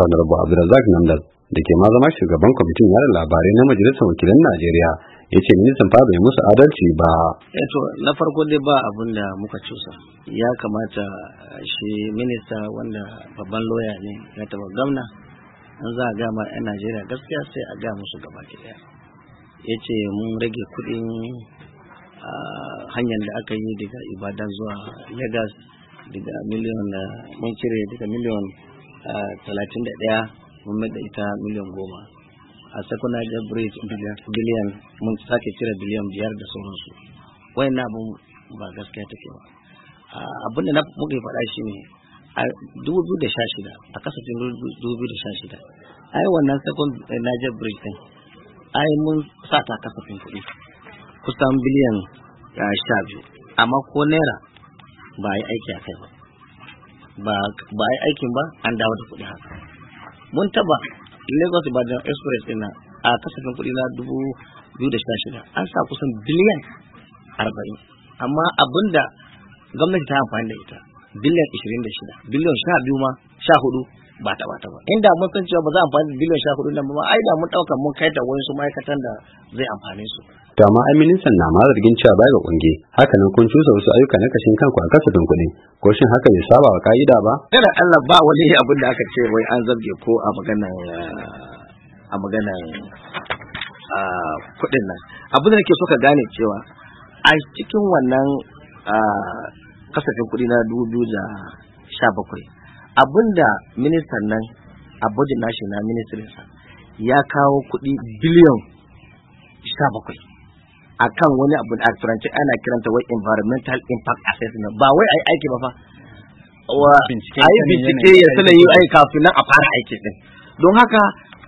honorable abdulrazak nandal da ke ma zama shugaban kwamitin yada labarai na majalisar wakilan najeriya ya ce ministan ba bai musu adalci ba Eto eh na farko dai ba abin da muka cusa ya kamata shi minista wanda babban loya ne ya taba gwamna an za a gama 'yan najeriya gaskiya sai a ga musu gaba daya ya ce mun rage kudin hanyar da aka yi daga ibadan zuwa lagos daga miliyon mun cire daga miliyon talatin da ɗaya mun mai da ita miliyan goma a secondary bridge biliyan mun sake cire biliyan biyar da sauransu wayan na abin ba gaskiya take ba abin da na muke faɗa shi ne a 2016 a kasafin 2016 ai wannan second Niger eh, bridge din ai mun sa ta kasafin kuɗi kusan biliyan 12 eh, amma ko naira ba yi aiki a kai ba ba a yi aikin ba an dawo da kuɗi haka mun taba Lagos Ibadan Express ɗin a kasafin kuɗi na dubu biyu da sha shida an sa kusan biliyan arba'in amma abinda gwamnati ta amfani da ita biliyan ishirin da shida biliyan sha biyu ma sha hudu ba ta bata ba inda mun san cewa ba za a amfani da biliyan sha hudu nan ba ai da mun dauka mun kai da su, ma'aikatan da zai amfane su to amma ai ministan na ma zargin cewa bai ga kunge haka nan kun cusa wasu ayyuka na kashin kanku a kasafin kuɗi ko shin haka bai saba wa ka'ida ba kada Allah ba wani abin da aka ce wai an zarge ko a magana a magana kuɗin nan abin da nake so ka gane cewa a cikin wannan kasafin kuɗi na dubu da sha bakwai abinda ministan nan a budget nashi na ministrinsa ya kawo kuɗi biliyan 17 kan wani abu da turanci ana kiranta wai environmental impact assessment ba wai yi aiki ba fa A yi bincike ya yi ai kafin nan a fara aiki din don haka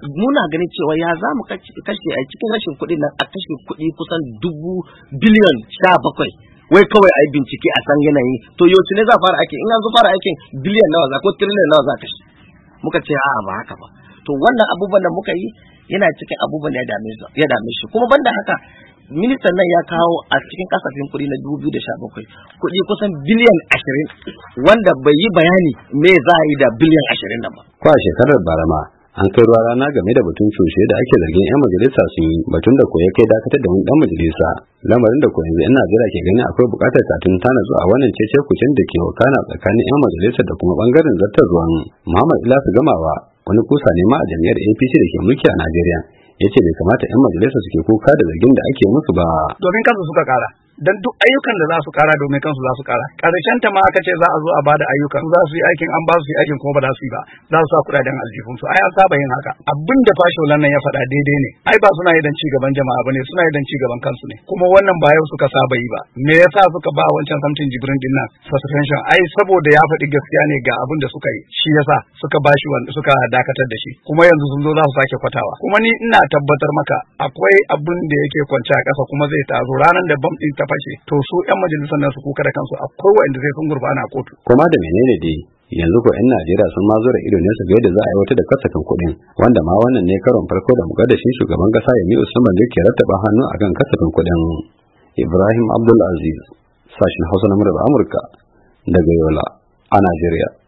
muna ganin cewa ya za mu kashe a cikin rashin kuɗi nan a kashe kuɗi kusan dubu biliyan sha bakwai wai kawai ai bincike a san yanayi to yau ne za fara aikin in an zo fara aikin biliyan nawa za ko triliyan nawa za ka shi muka ce a'a ba haka ba to wannan abubuwan da muka yi yana cikin abubuwan da ya dame shi kuma banda haka ministan nan ya kawo a cikin kasafin kuɗi na 2017 kuɗi kusan biliyan 20 wanda bai yi bayani me za a yi da biliyan 20 nan ba. Kwa shekarar barama an kai ruwa rana game da batun cushe da ake zargin 'yan majalisa sun yi batun da koya kai dakatar da wani dan majalisa lamarin da koya yanzu 'yan najeriya ke ganin akwai bukatar satin tana zuwa a wannan cece kucin da ke wakana tsakanin 'yan majalisa da kuma bangaren zartar ruwan muhammad ilasu gamawa wani kusa ne ma a jami'ar apc da ke mulki a najeriya ya ce bai kamata 'yan majalisa suke kuka da zargin da ake musu ba domin kansu suka kara dan duk ayyukan da za su kara domin kansu za su kara karshen ta ma aka ce za a zo a ba da ayyukan za su yi aikin an ba su yi aikin kuma ba za su yi ba za su sa kuɗaɗen aljihun su ai an saba yin haka abin da fasholan nan ya faɗa daidai ne ai ba suna yi ci gaban jama'a bane suna yi ci gaban kansu ne kuma wannan ba yau suka saba yi ba me yasa suka ba wancan samtin jibrin din nan suspension ai saboda ya faɗi gaskiya ne ga abin da suka yi shi yasa suka bashi wanda suka dakatar da shi kuma yanzu sun zo za su sake kwatawa kuma ni ina tabbatar maka akwai abin da yake kwance a ƙasa kuma zai tazo ranar da bam ɗin ta fashe to su yan majalisar nasu kuka da kansu akwai wa'anda sai sun gurbana kotu kuma da menene dai yanzu ko yan Najeriya sun ma zura ido ne su ga yadda za a yi wata da kasafin kuɗin wanda ma wannan ne karon farko da shi shugaban kasa Yemi Usman da ke rattaba hannu akan kasafin kuɗin Ibrahim Abdul Aziz sashin Hausa na Amurka daga Yola a Najeriya